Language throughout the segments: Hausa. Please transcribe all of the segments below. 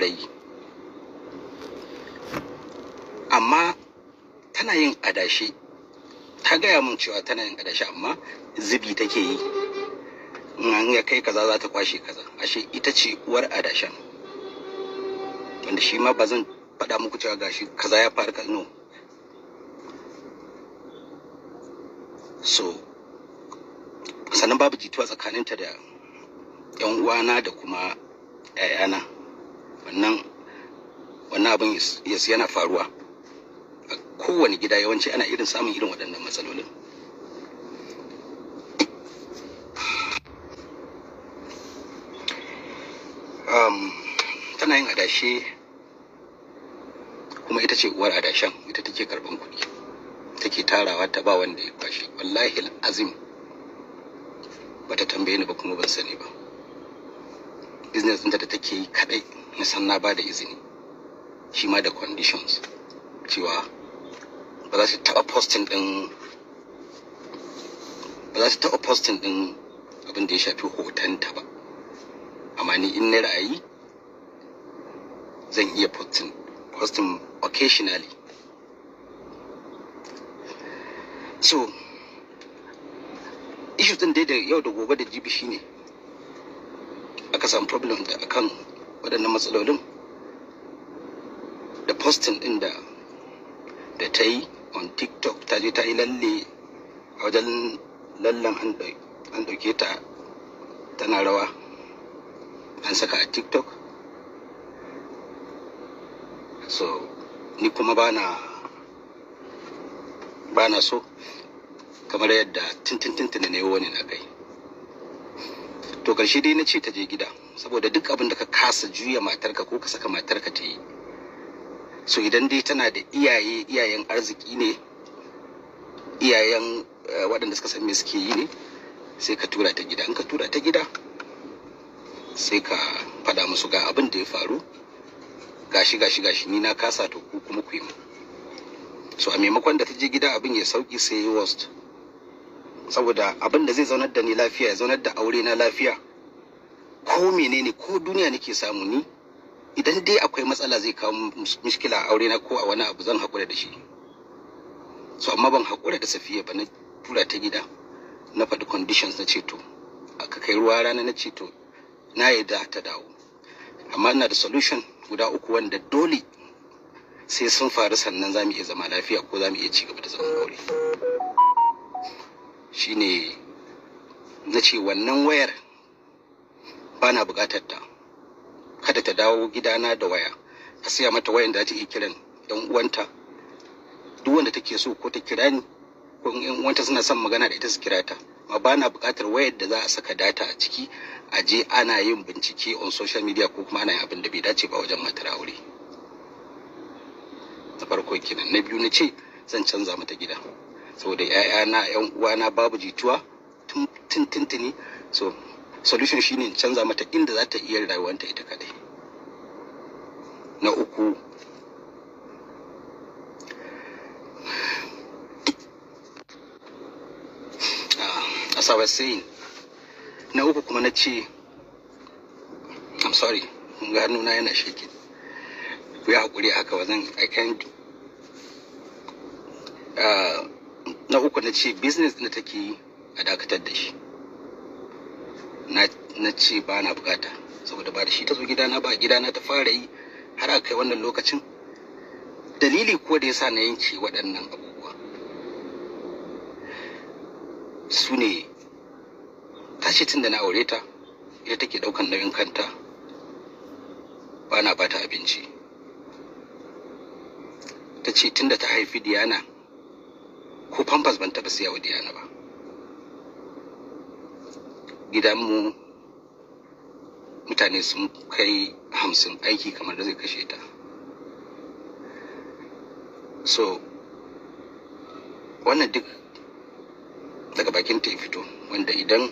ƙara amma tana yin adashi ta gaya min cewa tana yin adashi amma zubi take yi in ya kai kaza za ta kwashe kaza ashe ita ce uwar adashin wanda shi ma ba zan faɗa muku cewa gashi kaza ya faru no so sannan babu jituwa tsakaninta da yan uwana da kuma 'ya'yana. wannan wannan abin ya yana faruwa a kowane gida yawanci ana irin samun irin waɗannan matsalolin um, tana yin adashe kuma ita ce uwar adashen ita take karban kuɗi take tarawa ta ba wanda ya kwashe wallahi azim bata tambaye ni ba kuma ban sani ba business ɗinta da take yi kaɗai. na san na ba da izini shi ma da conditions cewa ba za su taɓa posting ɗin ba za su taɓa posting ɗin abin da ya shafi hotonta ba amma ni in na ra'ayi zan iya posting posting occasionally so issues ɗin dai da yau da gobe da jibi shine aka samu problem da akan waɗannan matsalolin da posting ɗin da da ta yi on tiktok ta je ta yi lalle a wajen lallan an ɗauke ta tana rawa an saka a tiktok so ni kuma bana bana so kamar yadda tintin tintin ne wani na kai to karshe dai na ce ta je gida saboda duk abin da ka kasa juya matarka ko ka saka matarka ta yi so idan dai tana da iyaye iyayen arziki ne iyayen eh, waɗanda suka san me suke yi ne sai ka tura ta gida in ka tura ta gida sai ka faɗa musu ga abin da ya faru gashi gashi gashi ni na kasa to ku kuma ku yi mu so a maimakon da ta je gida abin ya sauki sai ya worst saboda abin da zai zaunar da ni lafiya ya zaunar da aure na lafiya ko menene ko duniya nake samu ni idan dai akwai matsala zai kawo mishkila a aure na ko a wani abu zan haƙura da shi so amma ban haƙura da safiya ba na tura ta gida na faɗi conditions na ceto aka kai ruwa rana na ceto na yarda ta dawo amma ina da solution guda uku wanda dole sai sun faru sannan za mu iya zama lafiya ko za mu iya cigaba da zaman aure shine na ce wannan wayar bana buƙatar ta kada ta dawo gidana da waya a siya mata wayan da iya kiran yan uwanta duk wanda take so ko ta kira ni ko yan uwanta suna son magana da ita su kira ta ma bana buƙatar wayar da za a saka data a ciki a je ana yin bincike on social media ko kuma ana yin abin da bai dace ba wajen matar aure na farko kenan na biyu na ce zan canza mata gida saboda 'ya'yana 'yan uwana babu jituwa tun tuntuni so solution shine canza mata inda za ta iya rayuwanta ita kadai na uku ah, as I was saying na uku kuma na ce I'm sorry ga nuna yana shaking ku yi haƙuri haka wajen I can ah, na uku na ce business na take a dakatar da shi na ce ba na bukata saboda ba da shi ta zo gidana ba gidana ta fara yi har aka kai wannan lokacin dalili ko da ya sa na yanke waɗannan abubuwa su ne tashi tun da na aure ta ita take ɗaukan nauyin kanta ba na bata abinci ta ce tun da ta haifi diyana ko famfas ban taɓa siya wa diyana ba gidanmu mutane sun kai hamsin aiki kamar da zai kashe ta so wannan duk daga bakin ta fito wanda idan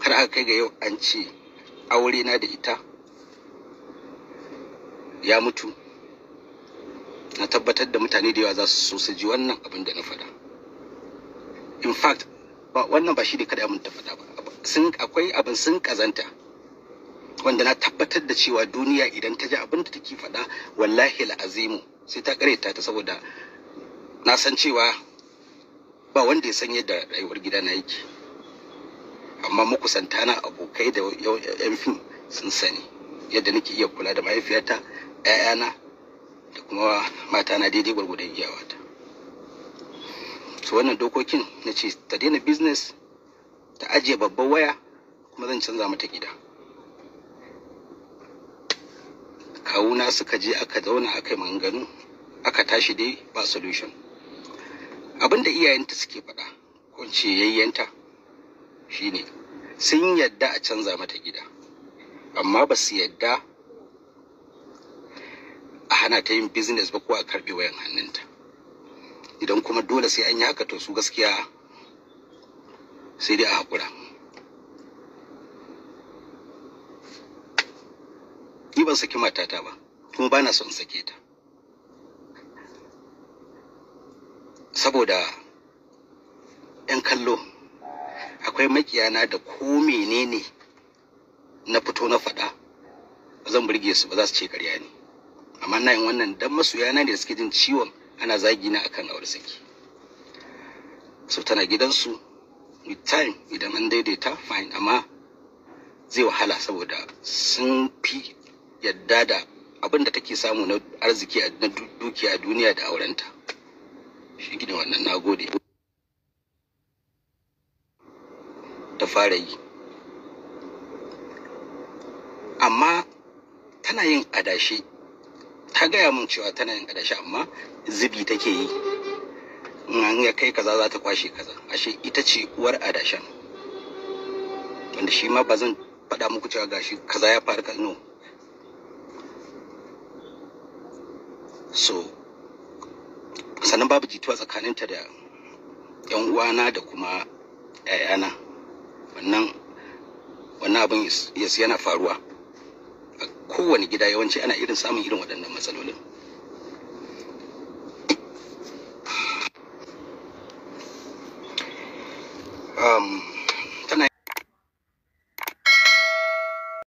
har aka kai ga yau an ce aure na da ita ya mutu na tabbatar da mutane da yawa za su so su ji wannan abin da na faɗa in fact ba wannan ba shi ne kada mun ta faɗa ba sun akwai abin sun kazanta wanda na tabbatar da cewa duniya idan ta ji abin da take faɗa wallahi la'azimu sai ta kareta ta saboda na san cewa ba wanda ya san yadda rayuwar gida na yake amma makusanta na abokai da yan fim sun sani yadda nake iya kula da mahaifiyata 'ya'yana da kuma matana daidai gwargwadon iyawata su wannan dokokin na ce ta daina business ta ajiye babban waya kuma zan canza mata gida kawuna suka je aka zauna a kai maganganu aka tashi dai ba solution abinda iyayenta suke faɗa ko ce yayyanta shine sun yadda a canza mata gida amma ba su yadda a hana ta yin business ba ko a karɓi wayan hannunta idan kuma dole sai an yi haka to su gaskiya sai dai a haƙura ni ban saki matata ba kuma ba na son sake ta saboda 'yan kallo akwai makiyana da ko menene na fito na faɗa zan burge su ba za su ce karya ne amma na yin wannan dan masoyana ne da suke jin ciwon ana zagi na akan aure saki so tana gidansu with time idan an daidaita fine amma zai wahala saboda sun fi yadda da abin da take samu na arziki na dukiya duniya da aurenta shi gina wannan na ta fara yi amma tana yin adashi Ta gaya min cewa tana yin adashi amma zubi take yi in ya kai kaza za ta kwashe kaza ashe ita ce uwar adashan wanda shi ma ba zan faɗa muku cewa gashi kaza ya faru kalno so sannan babu jituwa tsakaninta da yan uwana da kuma 'ya'yana wannan wannan abin yasu yana faruwa kowane gida yawanci ana irin samun irin waɗannan matsalolin um,